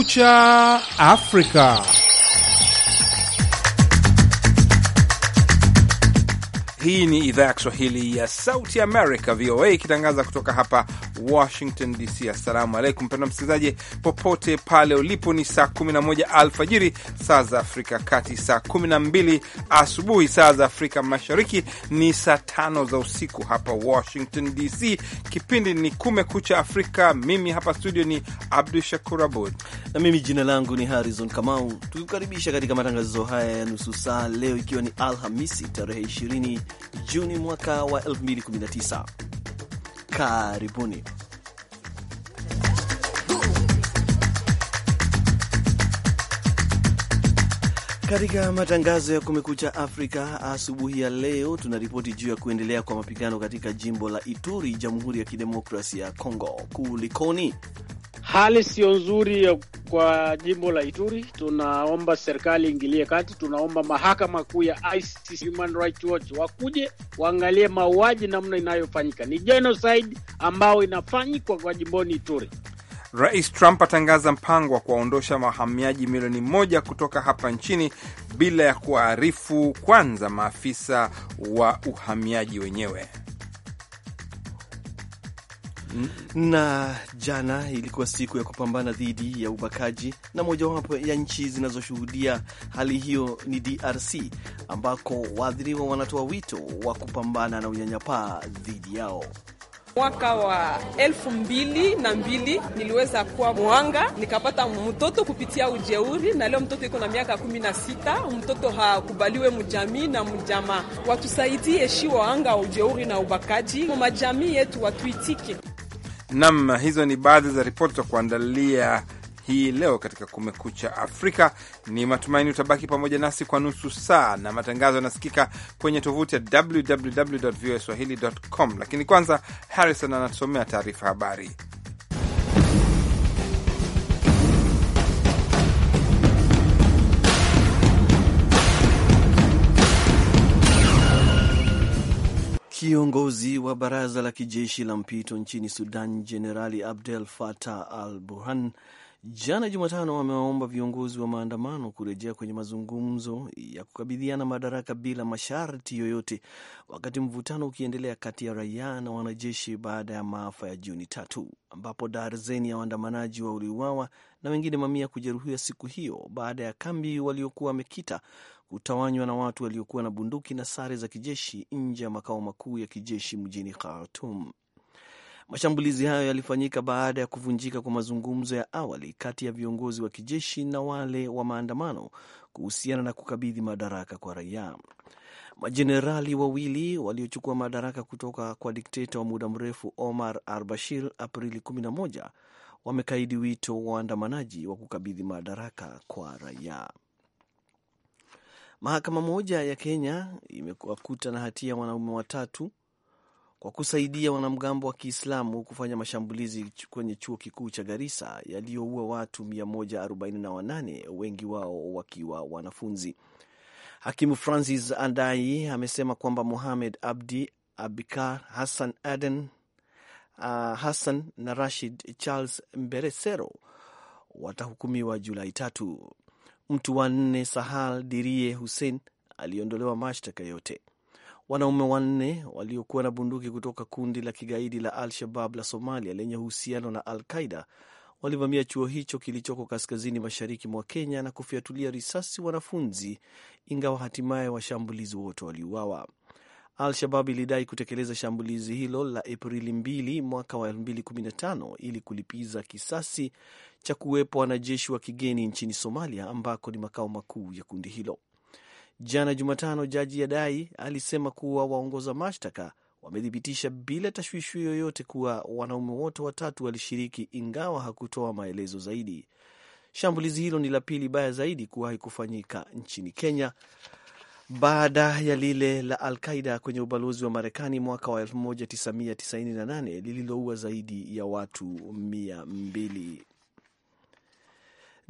Kucha Afrika. Hii ni idhaa ya Kiswahili ya Sauti Amerika, VOA, ikitangaza kutoka hapa Washington DC. Assalamu alaikum mpendwa msikilizaji, popote pale ulipo, ni saa 11 alfajiri saa za Afrika Kati, saa 12 asubuhi saa za Afrika Mashariki, ni saa tano za usiku hapa Washington DC. Kipindi ni Kumekucha Afrika. Mimi hapa studio ni Abdu Shakur Abud na mimi jina langu ni Harrison Kamau, tukikukaribisha katika matangazo haya ya nusu saa leo, ikiwa ni Alhamisi tarehe 20 Juni mwaka wa 2019. Karibuni. Katika matangazo ya Kumekucha Afrika asubuhi ya leo, tunaripoti juu ya kuendelea kwa mapigano katika jimbo la Ituri, Jamhuri ya Kidemokrasia ya Kongo. Kulikoni? Hali siyo nzuri ya kwa jimbo la Ituri, tunaomba serikali ingilie kati, tunaomba mahakama kuu ya ICC, Human Rights Watch wakuje waangalie mauaji namna inayofanyika, ni genocide ambayo inafanyikwa kwa jimboni Ituri. Rais Trump atangaza mpango wa kuwaondosha wahamiaji milioni moja kutoka hapa nchini bila ya kuwaarifu kwanza maafisa wa uhamiaji wenyewe na jana ilikuwa siku ya kupambana dhidi ya ubakaji, na mojawapo ya nchi zinazoshuhudia hali hiyo ni DRC ambako waathiriwa wanatoa wito wa kupambana na unyanyapaa dhidi yao. Mwaka wa elfu mbili na mbili niliweza kuwa mwanga, nikapata mtoto kupitia ujeuri, na leo mtoto iko na miaka kumi na sita. Mtoto hakubaliwe mjamii na mjamaa. Watusaidie shi waanga wa ujeuri na ubakaji, majamii yetu watuitike. Nam, hizo ni baadhi za ripoti za kuandalia hii leo katika Kumekucha Afrika. Ni matumaini utabaki pamoja nasi kwa nusu saa, na matangazo yanasikika kwenye tovuti ya www voa swahili com. Lakini kwanza, Harrison anatusomea taarifa habari. Kiongozi wa baraza la kijeshi la mpito nchini Sudan, Jenerali Abdel fatah al Burhan, jana Jumatano, amewaomba viongozi wa maandamano kurejea kwenye mazungumzo ya kukabidhiana madaraka bila masharti yoyote, wakati mvutano ukiendelea kati ya raia na wanajeshi baada ya maafa ya Juni tatu ambapo darzeni ya waandamanaji uliuawa na wengine mamia kujeruhiwa siku hiyo baada ya kambi waliokuwa wamekita kutawanywa na watu waliokuwa na bunduki na sare za kijeshi nje ya makao makuu ya kijeshi mjini Khartum. Mashambulizi hayo yalifanyika baada ya kuvunjika kwa mazungumzo ya awali kati ya viongozi wa kijeshi na wale wa maandamano kuhusiana na kukabidhi madaraka kwa raia. Majenerali wawili waliochukua madaraka kutoka kwa dikteta wa muda mrefu Omar al-Bashir Aprili 11 wamekaidi wito wa waandamanaji wa kukabidhi madaraka kwa raia. Mahakama moja ya Kenya imewakuta na hatia wanaume watatu kwa kusaidia wanamgambo wa Kiislamu kufanya mashambulizi kwenye chuo kikuu cha Garissa yaliyoua watu 148 wengi wao wakiwa wanafunzi. Hakimu Francis Andai amesema kwamba Mohamed Abdi, Abikar Hassan Aden, uh, Hassan na Rashid Charles Mberesero watahukumiwa Julai tatu. Mtu wanne Sahal Dirie Hussein aliondolewa mashtaka yote. Wanaume wanne waliokuwa na bunduki kutoka kundi la kigaidi la Al-Shabab la Somalia lenye uhusiano na Al-Qaida walivamia chuo hicho kilichoko kaskazini mashariki mwa Kenya na kufyatulia risasi wanafunzi, ingawa hatimaye washambulizi wote waliuawa. Al-Shabab ilidai kutekeleza shambulizi hilo la Aprili 2 mwaka wa 2015 ili kulipiza kisasi cha kuwepo wanajeshi wa kigeni nchini Somalia ambako ni makao makuu ya kundi hilo. Jana Jumatano, jaji Yadai alisema kuwa waongoza mashtaka wamethibitisha bila tashwishwi yoyote kuwa wanaume wote watatu walishiriki, ingawa hakutoa maelezo zaidi. Shambulizi hilo ni la pili baya zaidi kuwahi kufanyika nchini Kenya baada ya lile la Al Qaida kwenye ubalozi wa Marekani mwaka wa 1998 lililoua zaidi ya watu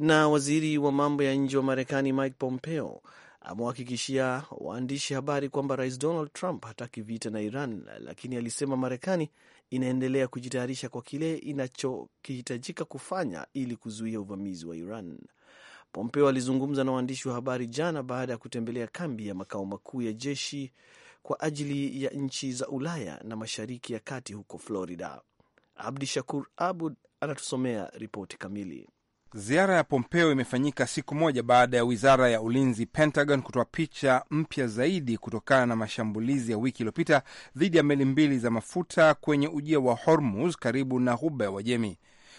na waziri wa mambo ya nje wa Marekani Mike Pompeo amewahakikishia waandishi habari kwamba Rais Donald Trump hataki vita na Iran, lakini alisema Marekani inaendelea kujitayarisha kwa kile inachokihitajika kufanya ili kuzuia uvamizi wa Iran. Pompeo alizungumza na waandishi wa habari jana baada ya kutembelea kambi ya makao makuu ya jeshi kwa ajili ya nchi za Ulaya na Mashariki ya Kati huko Florida. Abdi Shakur Abud anatusomea ripoti kamili. Ziara ya Pompeo imefanyika siku moja baada ya wizara ya ulinzi Pentagon kutoa picha mpya zaidi kutokana na mashambulizi ya wiki iliyopita dhidi ya meli mbili za mafuta kwenye ujia wa Hormuz karibu na ghuba ya Uajemi.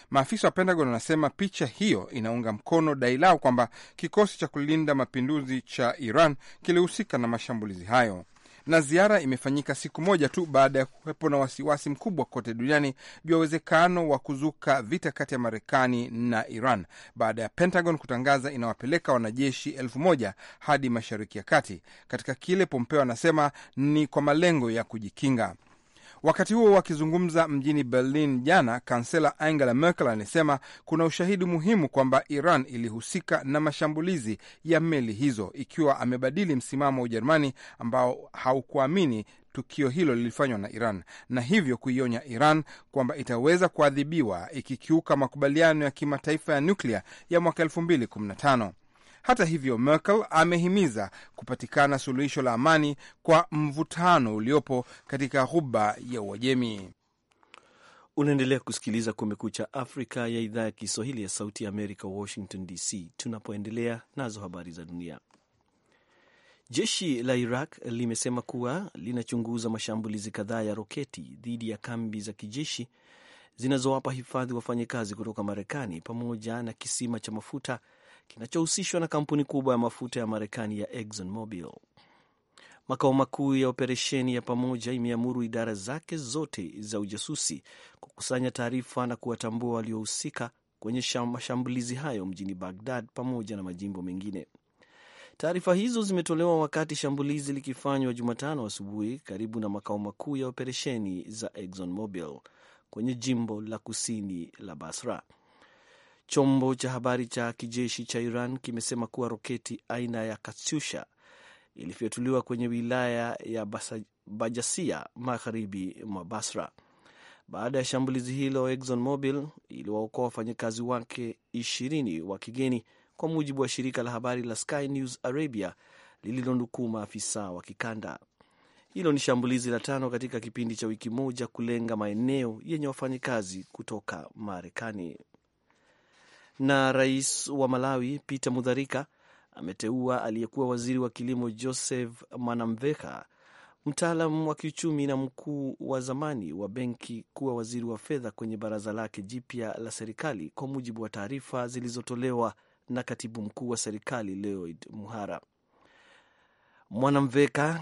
Maafisa wa Pentagon wanasema picha hiyo inaunga mkono dai lao kwamba kikosi cha kulinda mapinduzi cha Iran kilihusika na mashambulizi hayo na ziara imefanyika siku moja tu baada ya kuwepo na wasiwasi mkubwa kote duniani juu ya uwezekano wa kuzuka vita kati ya Marekani na Iran baada ya Pentagon kutangaza inawapeleka wanajeshi elfu moja hadi Mashariki ya Kati katika kile Pompeo anasema ni kwa malengo ya kujikinga. Wakati huo wakizungumza mjini Berlin jana, kansela Angela Merkel alisema kuna ushahidi muhimu kwamba Iran ilihusika na mashambulizi ya meli hizo, ikiwa amebadili msimamo wa Ujerumani ambao haukuamini tukio hilo lilifanywa na Iran na hivyo kuionya Iran kwamba itaweza kuadhibiwa ikikiuka makubaliano ya kimataifa ya nyuklia ya mwaka 2015. Hata hivyo, Merkel amehimiza kupatikana suluhisho la amani kwa mvutano uliopo katika ghuba ya Uajemi. Unaendelea kusikiliza Kumekucha Afrika ya idhaa ya Kiswahili ya Sauti ya Amerika, Washington DC, tunapoendelea nazo habari za dunia. Jeshi la Iraq limesema kuwa linachunguza mashambulizi kadhaa ya roketi dhidi ya kambi za kijeshi zinazowapa hifadhi wafanyakazi kutoka Marekani pamoja na kisima cha mafuta kinachohusishwa na kampuni kubwa ya mafuta ya Marekani ya Exxon Mobil. Makao makuu ya operesheni ya pamoja imeamuru idara zake zote za ujasusi kukusanya taarifa na kuwatambua waliohusika kwenye mashambulizi hayo mjini Bagdad pamoja na majimbo mengine. Taarifa hizo zimetolewa wakati shambulizi likifanywa Jumatano asubuhi karibu na makao makuu ya operesheni za Exxon Mobil kwenye jimbo la kusini la Basra. Chombo cha habari cha kijeshi cha Iran kimesema kuwa roketi aina ya Katyusha ilifyatuliwa kwenye wilaya ya Bajasia magharibi mwa Basra. Baada ya shambulizi hilo, Exxon Mobil iliwaokoa wafanyakazi wake ishirini wa kigeni, kwa mujibu wa shirika la habari la Sky News Arabia lililonukuu maafisa wa kikanda. Hilo ni shambulizi la tano katika kipindi cha wiki moja kulenga maeneo yenye wafanyakazi kutoka Marekani na rais wa Malawi Peter Mutharika ameteua aliyekuwa waziri wa kilimo Joseph Mwanamveka, mtaalam wa kiuchumi na mkuu wa zamani wa benki kuwa waziri wa fedha kwenye baraza lake jipya la serikali, kwa mujibu wa taarifa zilizotolewa na katibu mkuu wa serikali Lloyd Muhara. Mwanamveka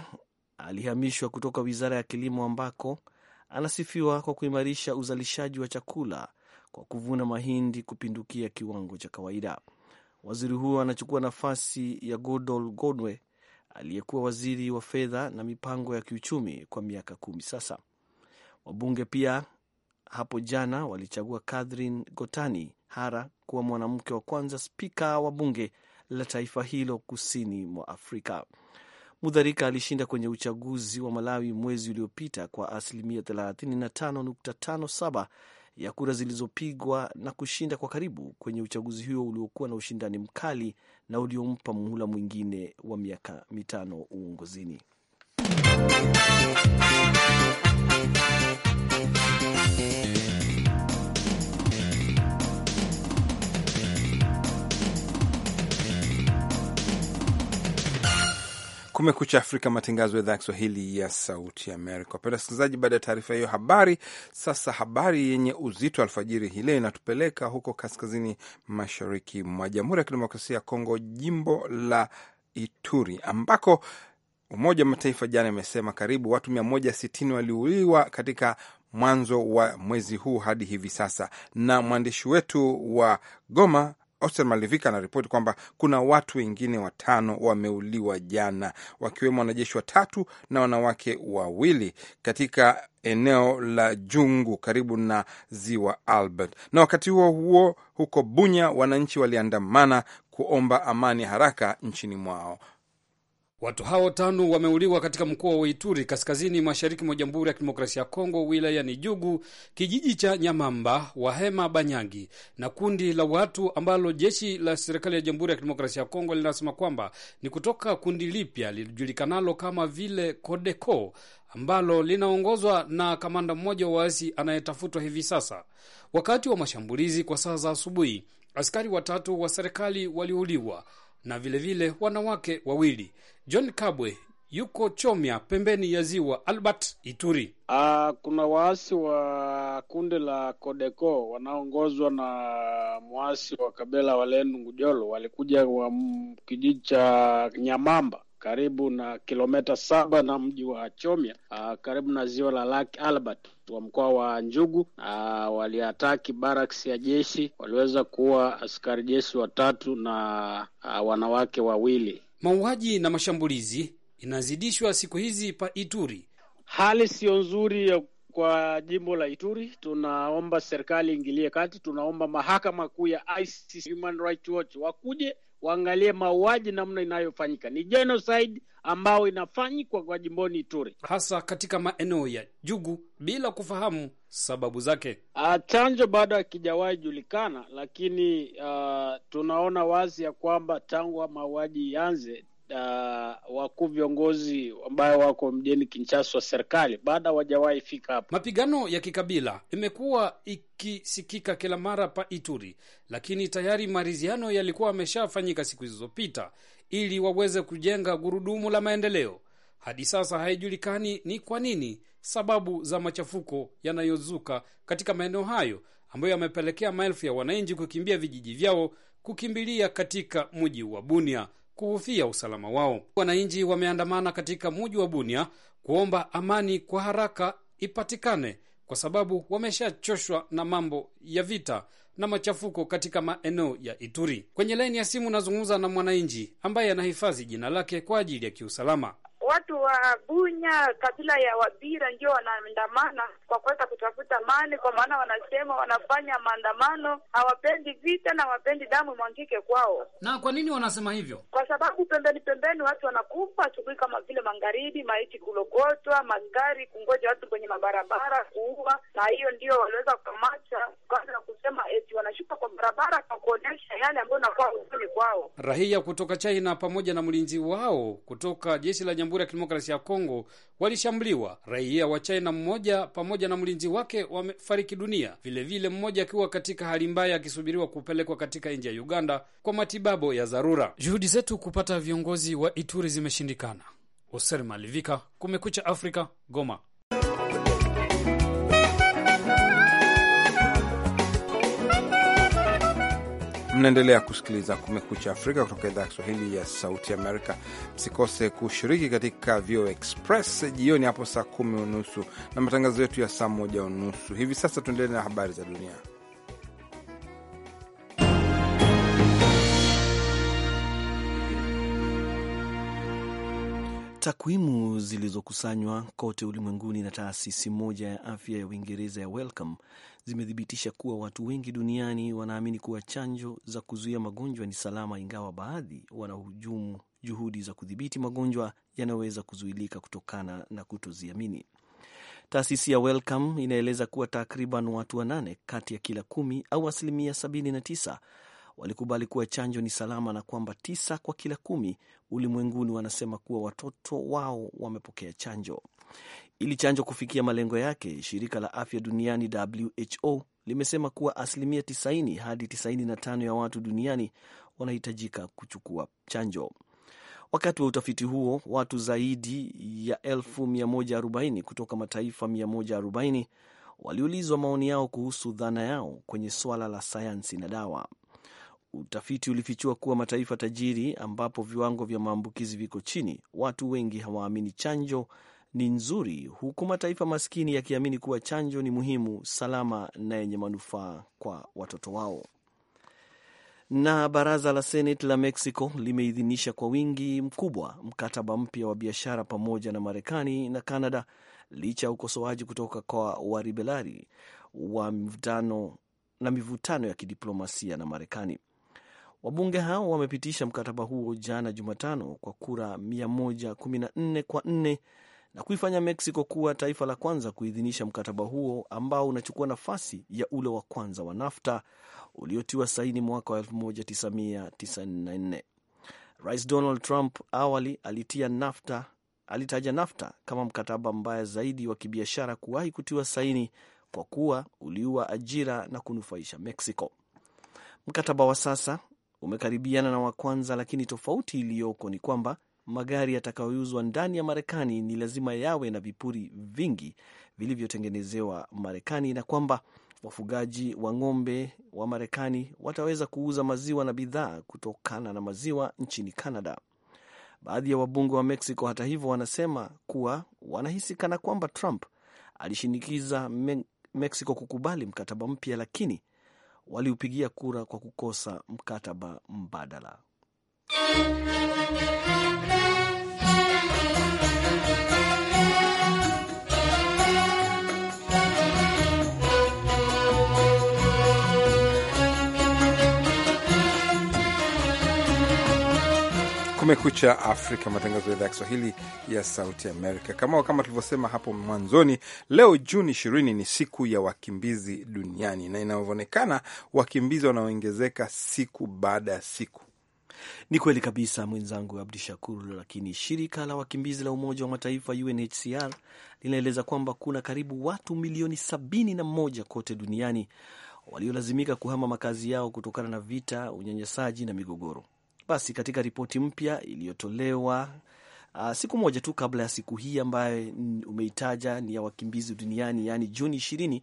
alihamishwa kutoka wizara ya kilimo ambako anasifiwa kwa kuimarisha uzalishaji wa chakula kwa kuvuna mahindi kupindukia kiwango cha kawaida. Waziri huo anachukua nafasi ya Godol Godwe aliyekuwa waziri wa fedha na mipango ya kiuchumi kwa miaka kumi sasa. Wabunge pia hapo jana walichagua Catherine Gotani Hara kuwa mwanamke wa kwanza spika wa bunge la taifa hilo kusini mwa Afrika. Mudharika alishinda kwenye uchaguzi wa Malawi mwezi uliopita kwa asilimia 35.57 ya kura zilizopigwa na kushinda kwa karibu kwenye uchaguzi huo uliokuwa na ushindani mkali na uliompa muhula mwingine wa miaka mitano uongozini. Kumekucha Afrika, matangazo ya idhaa ya Kiswahili ya Sauti Amerika. Wapenda wasikilizaji, baada ya taarifa hiyo habari. Sasa habari yenye uzito alfajiri hii leo inatupeleka huko kaskazini mashariki mwa Jamhuri ya Kidemokrasia ya Kongo, jimbo la Ituri ambako Umoja wa Mataifa jana imesema karibu watu 160 waliuliwa katika mwanzo wa mwezi huu hadi hivi sasa, na mwandishi wetu wa Goma Oster Malivika anaripoti kwamba kuna watu wengine watano wameuliwa jana, wakiwemo wanajeshi watatu na wanawake wawili katika eneo la Jungu karibu na ziwa Albert. Na wakati huo huo, huko Bunya wananchi waliandamana kuomba amani haraka nchini mwao. Watu hao tano wameuliwa katika mkoa wa Ituri, kaskazini mashariki mwa Jamhuri ya Kidemokrasia ya Kongo, wilayani Jugu, kijiji cha Nyamamba, Wahema, Banyangi na kundi la watu ambalo jeshi la serikali ya Jamhuri ya Kidemokrasia ya Kongo linasema kwamba ni kutoka kundi lipya lilijulikanalo kama vile kodeco ambalo linaongozwa na kamanda mmoja wa waasi anayetafutwa hivi sasa. Wakati wa mashambulizi kwa saa za asubuhi, askari watatu wa serikali waliuliwa na vilevile vile wanawake wawili. John Kabwe yuko Chomya, pembeni ya ziwa Albert, Ituri. Uh, kuna waasi wa kundi la Kodeko wanaoongozwa na mwasi wa Kabela Walendu Ngujolo walikuja wa kijiji cha Nyamamba karibu na kilomita saba na mji wa chomia uh, karibu na ziwa la Lake Albert wa mkoa wa Njugu. Uh, waliataki baraks ya jeshi, waliweza kuua askari jeshi watatu na uh, wanawake wawili. Mauaji na mashambulizi inazidishwa siku hizi pa Ituri. Hali siyo nzuri ya kwa jimbo la Ituri. Tunaomba serikali ingilie kati, tunaomba mahakama kuu ya ICC, Human Rights Watch wakuje waangalie mauaji namna inayofanyika. Ni genocide ambayo inafanyikwa kwa jimboni Ituri, hasa katika maeneo ya Jugu, bila kufahamu sababu zake. Uh, chanjo bado hakijawahi julikana, lakini uh, tunaona wazi ya kwamba tangu mauaji ianze uh, wakuu viongozi ambayo wako mjini Kinshasa wa serikali baada hawajawahi fika hapa. Mapigano ya kikabila imekuwa ikisikika kila mara pa Ituri, lakini tayari maridhiano yalikuwa ameshafanyika siku zilizopita ili waweze kujenga gurudumu la maendeleo. Hadi sasa haijulikani ni kwa nini sababu za machafuko yanayozuka katika maeneo hayo ambayo yamepelekea maelfu ya wananchi kukimbia vijiji vyao kukimbilia katika mji wa Bunia kuhofia usalama wao. Wananchi wameandamana katika muji wa Bunia kuomba amani kwa haraka ipatikane, kwa sababu wameshachoshwa na mambo ya vita na machafuko katika maeneo ya Ituri. Kwenye laini ya simu nazungumza na mwananchi ambaye anahifadhi jina lake kwa ajili ya kiusalama watu wa Bunya kabila ya Wabira ndio wanaandamana kwa kuweza kutafuta amani, kwa maana wanasema wanafanya maandamano, hawapendi vita na hawapendi damu mwangike kwao. Na kwa nini wanasema hivyo? Kwa sababu pembeni pembeni watu wanakufa asubuhi, kama vile magharibi, maiti kulokotwa, magari kungoja watu kwenye mabarabara kuua, na hiyo ndio waliweza kukamata kwanza na kusema eti wanashuka kwa barabara kwa kuonyesha yale ambayo nakuwa huzuni kwao. Rahia kutoka China pamoja na mlinzi wao kutoka jeshi la Jamhuri ya Kidemokrasia ya Kongo walishambuliwa. Raia wa China mmoja pamoja na mlinzi wake wamefariki dunia, vilevile mmoja akiwa katika hali mbaya akisubiriwa kupelekwa katika nchi ya Uganda kwa matibabu ya dharura. Juhudi zetu kupata viongozi wa Ituri zimeshindikana. oser Malivika, Kumekucha Afrika, Goma. Mnaendelea kusikiliza Kumekucha Afrika kutoka idhaa ya Kiswahili ya Sauti Amerika. Msikose kushiriki katika VOA Express jioni hapo saa kumi unusu na matangazo yetu ya saa moja unusu. Hivi sasa tuendelee na habari za dunia. Takwimu zilizokusanywa kote ulimwenguni na taasisi moja ya afya ya Uingereza ya Wellcome zimethibitisha kuwa watu wengi duniani wanaamini kuwa chanjo za kuzuia magonjwa ni salama, ingawa baadhi wanahujumu juhudi za kudhibiti magonjwa yanayoweza kuzuilika kutokana na kutoziamini. Taasisi ya Wellcome inaeleza kuwa takriban watu wanane kati ya kila kumi au asilimia tisa walikubali kuwa chanjo ni salama na kwamba tisa kwa kila kumi ulimwenguni wanasema kuwa watoto wao wamepokea chanjo. Ili chanjo kufikia malengo yake, shirika la afya duniani WHO limesema kuwa asilimia 90 hadi 95 ya watu duniani wanahitajika kuchukua chanjo. Wakati wa utafiti huo, watu zaidi ya 140 kutoka mataifa 140 waliulizwa maoni yao kuhusu dhana yao kwenye swala la sayansi na dawa. Utafiti ulifichua kuwa mataifa tajiri ambapo viwango vya maambukizi viko chini, watu wengi hawaamini chanjo ni nzuri, huku mataifa maskini yakiamini kuwa chanjo ni muhimu, salama na yenye manufaa kwa watoto wao. Na baraza la Seneti la Mexico limeidhinisha kwa wingi mkubwa mkataba mpya wa biashara pamoja na Marekani na Kanada licha ya ukosoaji kutoka kwa waribelari wa mvutano na mivutano ya kidiplomasia na Marekani. Wabunge hao wamepitisha mkataba huo jana Jumatano kwa kura 114 kwa 4 na kuifanya Mexico kuwa taifa la kwanza kuidhinisha mkataba huo ambao unachukua nafasi ya ule wa kwanza wa NAFTA uliotiwa saini mwaka wa 1994. Rais Donald Trump awali alitia NAFTA, alitaja NAFTA kama mkataba mbaya zaidi wa kibiashara kuwahi kutiwa saini kwa kuwa uliua ajira na kunufaisha Mexico. Mkataba wa sasa umekaribiana na wa kwanza, lakini tofauti iliyoko ni kwamba magari yatakayouzwa ndani ya Marekani ni lazima yawe na vipuri vingi vilivyotengenezewa Marekani na kwamba wafugaji wa ng'ombe wa Marekani wataweza kuuza maziwa na bidhaa kutokana na maziwa nchini Canada. Baadhi ya wabunge wa Mexico, hata hivyo, wanasema kuwa wanahisi kana kwamba Trump alishinikiza Mexico kukubali mkataba mpya, lakini waliupigia kura kwa kukosa mkataba mbadala. Kumekucha Afrika, matangazo ya idhaa ya Kiswahili ya Sauti Amerika. Kama kama tulivyosema hapo mwanzoni, leo Juni ishirini ni siku ya wakimbizi duniani, na inavyoonekana wakimbizi wanaoengezeka siku baada ya siku. Ni kweli kabisa mwenzangu Abdu Shakur. Lakini shirika la wakimbizi la Umoja wa Mataifa UNHCR linaeleza kwamba kuna karibu watu milioni sabini na moja kote duniani waliolazimika kuhama makazi yao kutokana na vita, unyanyasaji na migogoro. Basi katika ripoti mpya iliyotolewa uh, siku moja tu kabla ya siku hii ambayo umeitaja ni ya wakimbizi duniani, yaani Juni ishirini,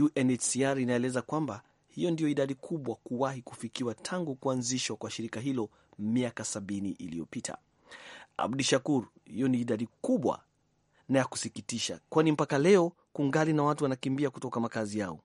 UNHCR inaeleza kwamba hiyo ndiyo idadi kubwa kuwahi kufikiwa tangu kuanzishwa kwa shirika hilo miaka sabini iliyopita. Abdi Shakur, hiyo ni idadi kubwa na ya kusikitisha, kwani mpaka leo kungali na watu wanakimbia kutoka makazi yao.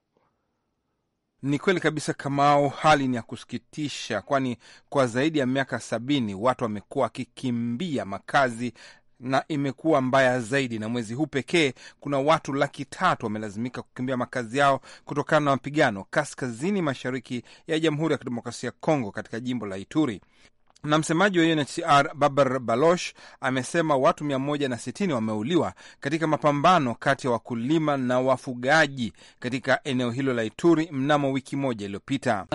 Ni kweli kabisa, Kamao. Hali ni ya kusikitisha, kwani kwa zaidi ya miaka sabini watu wamekuwa wakikimbia makazi na imekuwa mbaya zaidi. Na mwezi huu pekee kuna watu laki tatu wamelazimika kukimbia makazi yao kutokana na mapigano kaskazini mashariki ya Jamhuri ya Kidemokrasia ya Kongo, katika jimbo la Ituri na msemaji wa UNHCR Babar Baloch amesema watu 160 wameuliwa katika mapambano kati ya wakulima na wafugaji katika eneo hilo la Ituri mnamo wiki moja iliyopita.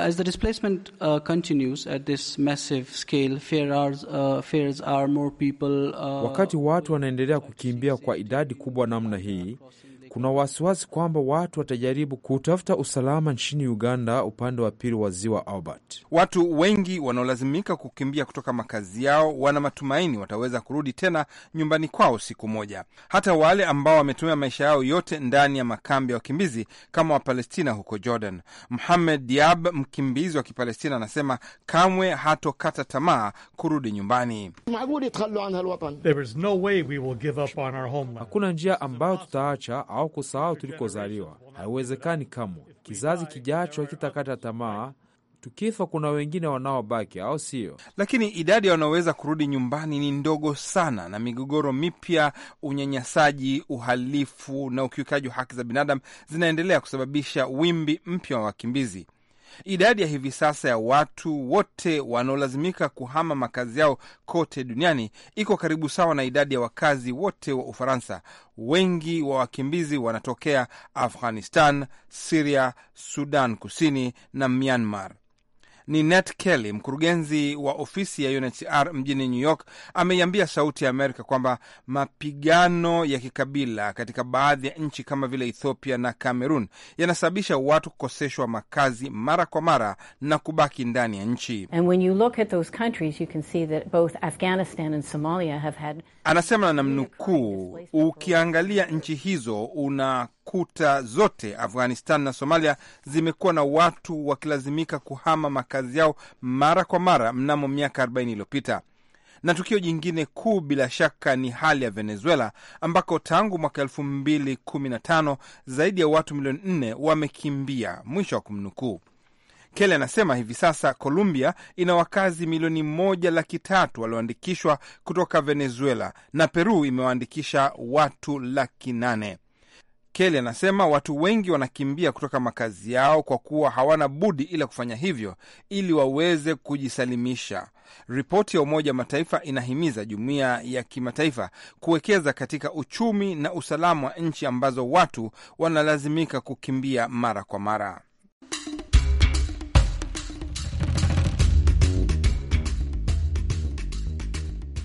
Wakati watu wanaendelea kukimbia kwa idadi kubwa namna hii kuna wasiwasi kwamba watu watajaribu kutafuta usalama nchini Uganda, upande wa pili wa ziwa Albert. Watu wengi wanaolazimika kukimbia kutoka makazi yao wana matumaini wataweza kurudi tena nyumbani kwao siku moja. Hata wale ambao wametumia maisha yao yote ndani ya makambi ya wakimbizi kama Wapalestina huko Jordan. Muhamed Diab, mkimbizi wa Kipalestina, anasema kamwe hatokata tamaa kurudi nyumbani. Hakuna njia ambayo tutaacha au kusahau tulikozaliwa. Haiwezekani kamwe. Kizazi kijacho kitakata tamaa. Tukifa kuna wengine wanaobaki, au sio? Lakini idadi ya wanaoweza kurudi nyumbani ni ndogo sana, na migogoro mipya, unyanyasaji, uhalifu na ukiukaji wa haki za binadamu zinaendelea kusababisha wimbi mpya wa wakimbizi. Idadi ya hivi sasa ya watu wote wanaolazimika kuhama makazi yao kote duniani iko karibu sawa na idadi ya wakazi wote wa Ufaransa. Wengi wa wakimbizi wanatokea Afghanistan, Siria, Sudan Kusini na Myanmar ni Nat Kelly, mkurugenzi wa ofisi ya UNHCR mjini New York, ameiambia Sauti ya Amerika kwamba mapigano ya kikabila katika baadhi ya nchi kama vile Ethiopia na Cameroon yanasababisha watu kukoseshwa makazi mara kwa mara na kubaki ndani ya nchi. Anasema na mnukuu, ukiangalia nchi hizo unakuta zote Afghanistan na Somalia zimekuwa na watu wakilazimika kuhama makazi yao mara kwa mara mnamo miaka 40 iliyopita. Na tukio jingine kuu bila shaka ni hali ya Venezuela ambako tangu mwaka 2015 zaidi ya watu milioni 4 wamekimbia, mwisho wa kumnukuu. Kele anasema hivi sasa Colombia ina wakazi milioni moja laki tatu walioandikishwa kutoka Venezuela na Peru imewaandikisha watu laki nane. Keli anasema watu wengi wanakimbia kutoka makazi yao kwa kuwa hawana budi ila kufanya hivyo ili waweze kujisalimisha. Ripoti ya Umoja wa Mataifa inahimiza jumuiya ya kimataifa kuwekeza katika uchumi na usalama wa nchi ambazo watu wanalazimika kukimbia mara kwa mara.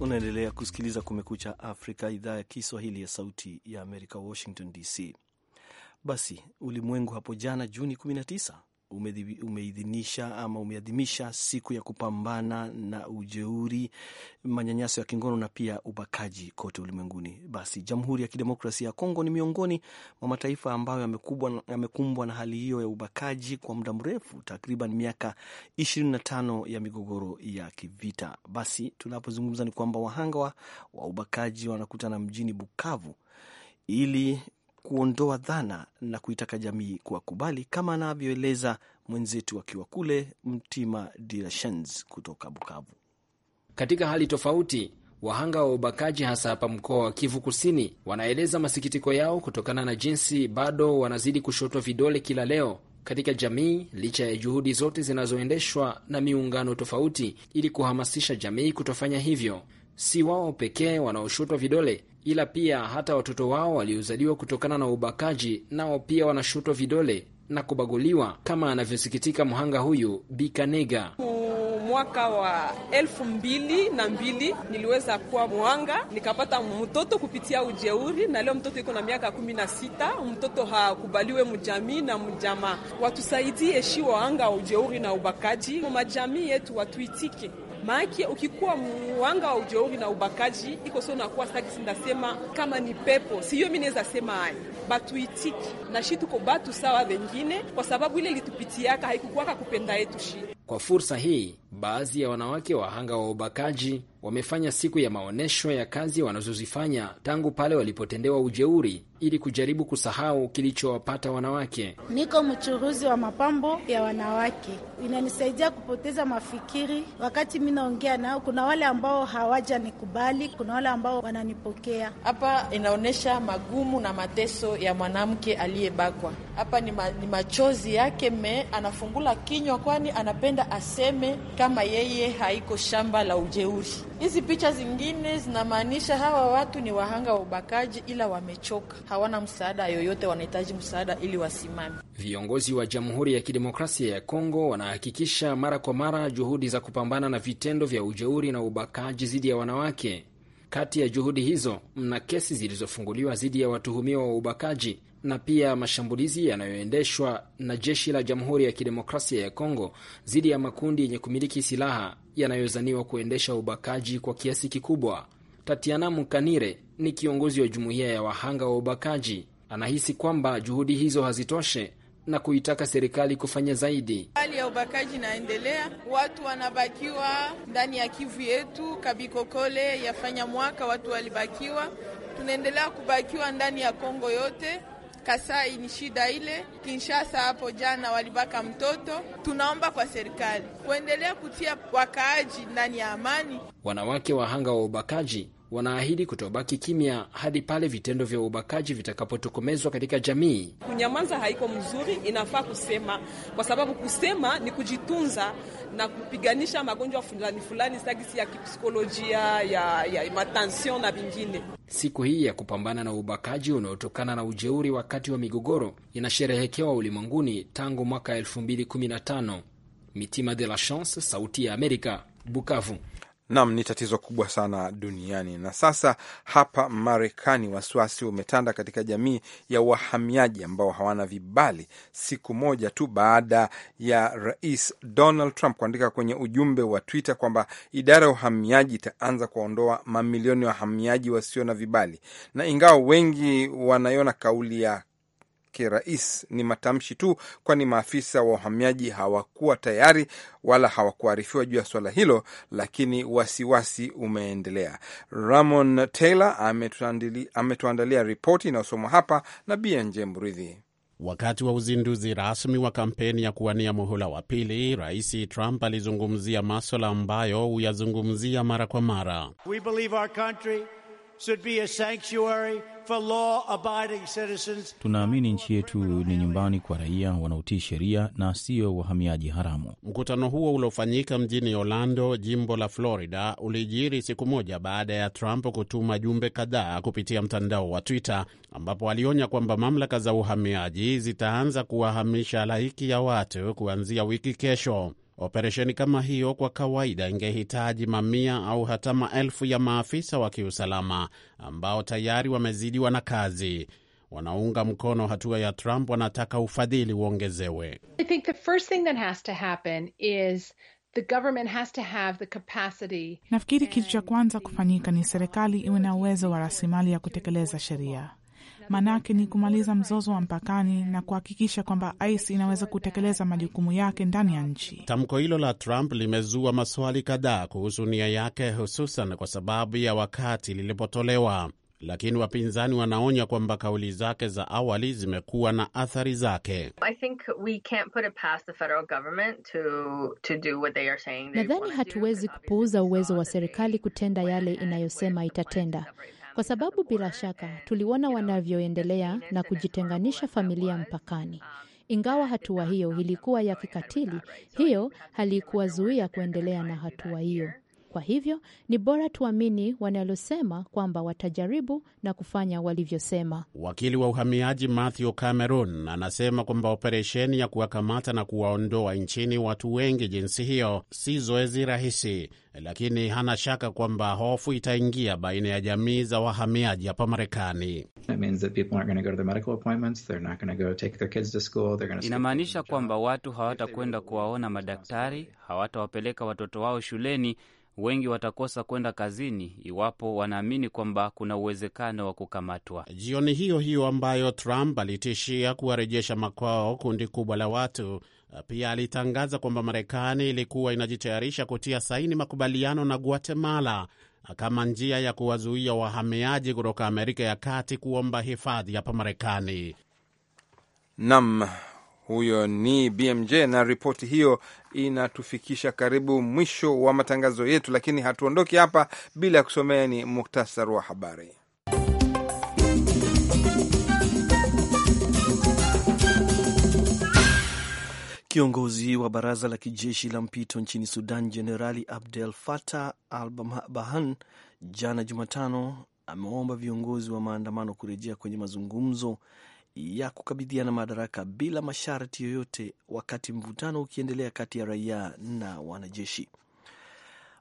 Unaendelea kusikiliza Kumekucha Afrika, idhaa ya Kiswahili ya Sauti ya Amerika, Washington DC. Basi ulimwengu hapo jana Juni 19 umeidhinisha ama umeadhimisha siku ya kupambana na ujeuri, manyanyaso ya kingono na pia ubakaji kote ulimwenguni. Basi Jamhuri ya Kidemokrasia ya Kongo ni miongoni mwa mataifa ambayo yamekumbwa na hali hiyo ya ubakaji kwa muda mrefu, takriban miaka 25 ya migogoro ya kivita. Basi tunapozungumza ni kwamba wahanga wa ubakaji wanakutana mjini Bukavu ili kuondoa dhana na kuitaka jamii kuwakubali, kama anavyoeleza mwenzetu akiwa kule Mtima Dirashens kutoka Bukavu. Katika hali tofauti, wahanga wa ubakaji hasa hapa mkoa wa Kivu Kusini wanaeleza masikitiko yao kutokana na jinsi bado wanazidi kushotwa vidole kila leo katika jamii licha ya juhudi zote zinazoendeshwa na miungano tofauti ili kuhamasisha jamii kutofanya hivyo si wao pekee wanaoshutwa vidole, ila pia hata watoto wao waliozaliwa kutokana na ubakaji nao pia wanashutwa vidole na kubaguliwa, kama anavyosikitika mhanga huyu Bikanega. Mwaka wa elfu mbili na mbili niliweza kuwa mwanga, nikapata mtoto kupitia ujeuri, na leo mtoto iko na miaka kumi na sita. Mtoto hakubaliwe mjamii na mjamaa. Watusaidie shi wahanga wa ujeuri na ubakaji, majamii yetu watuitike maake ukikuwa mwanga wa ujeuri na ubakaji iko sio nakuwa staki, ndasema kama ni pepo siyo, mimi naweza sema haya batuitiki na shi tuko batu sawa vengine, kwa sababu ile litupitiaka haikukuwaka kupenda yetu shi. Kwa fursa hii, baadhi ya wanawake wahanga wa ubakaji wamefanya siku ya maonyesho ya kazi wanazozifanya tangu pale walipotendewa ujeuri ili kujaribu kusahau kilichowapata wanawake. Niko mchuruzi wa mapambo ya wanawake, inanisaidia kupoteza mafikiri. Wakati mi naongea nao, kuna wale ambao hawaja nikubali, kuna wale ambao wananipokea. Hapa inaonyesha magumu na mateso ya mwanamke aliyebakwa. Hapa ni, ma, ni machozi yake me anafungula kinywa, kwani anapenda aseme kama yeye haiko shamba la ujeuri. Hizi picha zingine zinamaanisha hawa watu ni wahanga wa ubakaji, ila wamechoka hawana msaada yoyote, wanahitaji msaada ili wasimame. Viongozi wa Jamhuri ya Kidemokrasia ya Kongo wanahakikisha mara kwa mara juhudi za kupambana na vitendo vya ujeuri na ubakaji dhidi ya wanawake. Kati ya juhudi hizo mna kesi zilizofunguliwa dhidi ya watuhumiwa wa ubakaji na pia mashambulizi yanayoendeshwa na jeshi la Jamhuri ya Kidemokrasia ya Kongo dhidi ya makundi yenye kumiliki silaha yanayozaniwa kuendesha ubakaji kwa kiasi kikubwa. Tatiana Mukanire ni kiongozi wa jumuiya ya wahanga wa ubakaji. Anahisi kwamba juhudi hizo hazitoshe na kuitaka serikali kufanya zaidi. Hali ya ubakaji inaendelea, watu wanabakiwa ndani ya Kivu yetu. Kabikokole yafanya mwaka, watu walibakiwa, tunaendelea kubakiwa ndani ya Kongo yote. Kasai ni shida ile. Kinshasa hapo jana walibaka mtoto. Tunaomba kwa serikali kuendelea kutia wakaaji ndani ya amani. Wanawake wahanga wa ubakaji wanaahidi kutobaki kimya hadi pale vitendo vya ubakaji vitakapotokomezwa katika jamii. Kunyamaza haiko mzuri, inafaa kusema, kwa sababu kusema ni kujitunza na kupiganisha magonjwa fulani fulani sagisi ya kipsikolojia ya, ya matansion na vingine. Siku hii ya kupambana na ubakaji unaotokana na ujeuri wakati wa migogoro inasherehekewa ulimwenguni tangu mwaka 2015. Mitima de la Chance, Sauti ya Amerika, Bukavu. Nam ni tatizo kubwa sana duniani. Na sasa hapa Marekani, wasiwasi umetanda katika jamii ya wahamiaji ambao hawana vibali, siku moja tu baada ya Rais Donald Trump kuandika kwenye ujumbe wa Twitter kwamba idara ya uhamiaji itaanza kuwaondoa mamilioni ya wahamiaji wasio na vibali. Na ingawa wengi wanaiona kauli ya wake rais ni matamshi tu, kwani maafisa wa uhamiaji hawakuwa tayari wala hawakuarifiwa juu ya swala hilo, lakini wasiwasi umeendelea. Ramon Taylor ametuandalia ripoti inayosomwa hapa na BNJ Mridhi. Wakati wa uzinduzi rasmi wa kampeni ya kuwania muhula wa pili, Rais Trump alizungumzia maswala ambayo huyazungumzia mara kwa mara. We believe our country Tunaamini nchi yetu ni nyumbani kwa raia wanaotii sheria na sio wahamiaji haramu. Mkutano huo uliofanyika mjini Orlando, jimbo la Florida, ulijiri siku moja baada ya Trump kutuma jumbe kadhaa kupitia mtandao wa Twitter, ambapo alionya kwamba mamlaka za uhamiaji zitaanza kuwahamisha laiki ya watu kuanzia wiki kesho. Operesheni kama hiyo kwa kawaida ingehitaji mamia au hata maelfu ya maafisa wa kiusalama ambao tayari wamezidiwa na kazi. Wanaunga mkono hatua ya Trump wanataka ufadhili uongezewe. Nafikiri kitu cha kwanza kufanyika ni serikali iwe na uwezo wa rasilimali ya kutekeleza sheria maanake ni kumaliza mzozo wa mpakani na kuhakikisha kwamba ICE inaweza kutekeleza majukumu yake ndani ya nchi. Tamko hilo la Trump limezua maswali kadhaa kuhusu nia yake, hususan kwa sababu ya wakati lilipotolewa, lakini wapinzani wanaonya kwamba kauli zake za awali zimekuwa na athari zake. Nadhani hatuwezi kupuuza uwezo wa serikali kutenda yale inayosema itatenda kwa sababu bila shaka tuliona wanavyoendelea na kujitenganisha familia mpakani. Ingawa hatua hiyo ilikuwa ya kikatili, hiyo halikuwazuia kuendelea na hatua hiyo. Kwa hivyo ni bora tuamini wanalosema kwamba watajaribu na kufanya walivyosema. Wakili wa uhamiaji Matthew Cameron anasema kwamba operesheni ya kuwakamata na kuwaondoa nchini watu wengi jinsi hiyo si zoezi rahisi, lakini hana shaka kwamba hofu itaingia baina ya jamii za wahamiaji hapa Marekani. Inamaanisha kwamba watu hawatakwenda kuwaona madaktari, hawatawapeleka watoto wao shuleni wengi watakosa kwenda kazini iwapo wanaamini kwamba kuna uwezekano wa kukamatwa. Jioni hiyo hiyo ambayo Trump alitishia kuwarejesha makwao kundi kubwa la watu, pia alitangaza kwamba Marekani ilikuwa inajitayarisha kutia saini makubaliano na Guatemala kama njia ya kuwazuia wahamiaji kutoka Amerika ya Kati kuomba hifadhi hapa Marekani. Nam huyo ni BMJ na ripoti hiyo inatufikisha karibu mwisho wa matangazo yetu, lakini hatuondoki hapa bila ya kusomea ni muktasari wa habari. Kiongozi wa baraza la kijeshi la mpito nchini Sudan, Jenerali Abdel Fattah al Bahan, jana Jumatano, ameomba viongozi wa maandamano kurejea kwenye mazungumzo ya kukabidhiana madaraka bila masharti yoyote, wakati mvutano ukiendelea kati ya raia na wanajeshi.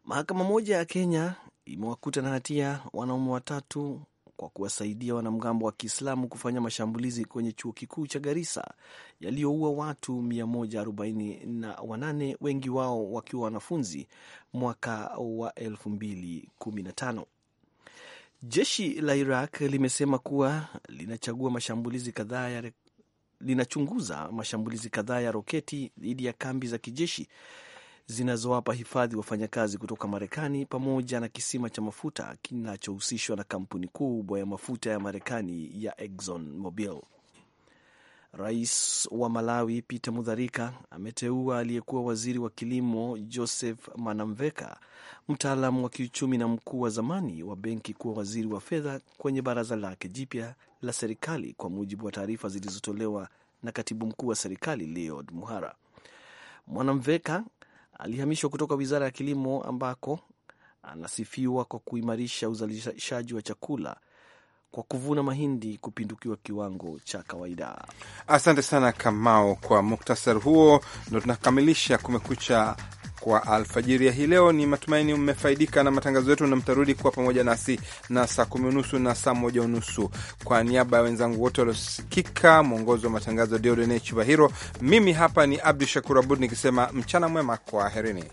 Mahakama moja ya Kenya imewakuta na hatia wanaume watatu kwa kuwasaidia wanamgambo wa Kiislamu kufanya mashambulizi kwenye chuo kikuu cha Garissa yaliyoua watu 148 wengi wao wakiwa wanafunzi mwaka wa 2015. Jeshi la Iraq limesema kuwa linachagua mashambulizi kadhaa ya linachunguza mashambulizi kadhaa ya roketi dhidi ya kambi za kijeshi zinazowapa hifadhi wafanyakazi kutoka Marekani pamoja na kisima cha mafuta kinachohusishwa na kampuni kubwa ya mafuta ya Marekani ya Exxon Mobil. Rais wa Malawi Peter Mutharika ameteua aliyekuwa waziri wa kilimo Joseph Manamveka, mtaalamu wa kiuchumi na mkuu wa zamani wa benki, kuwa waziri wa fedha kwenye baraza lake jipya la serikali, kwa mujibu wa taarifa zilizotolewa na katibu mkuu wa serikali Leod Muhara. Mwanamveka alihamishwa kutoka wizara ya kilimo ambako anasifiwa kwa kuimarisha uzalishaji wa chakula kwa kuvuna mahindi kupindukiwa kiwango cha kawaida. Asante sana Kamao kwa muktasari huo, ndo tunakamilisha Kumekucha kwa alfajiri ya hii leo. Ni matumaini mmefaidika na matangazo yetu, na mtarudi kuwa pamoja nasi na saa kumi unusu na saa moja unusu. Kwa niaba ya wenzangu wote waliosikika, mwongozi wa matangazo Deodene Chubahiro, mimi hapa ni Abdu Shakur Abud nikisema mchana mwema, kwa herini.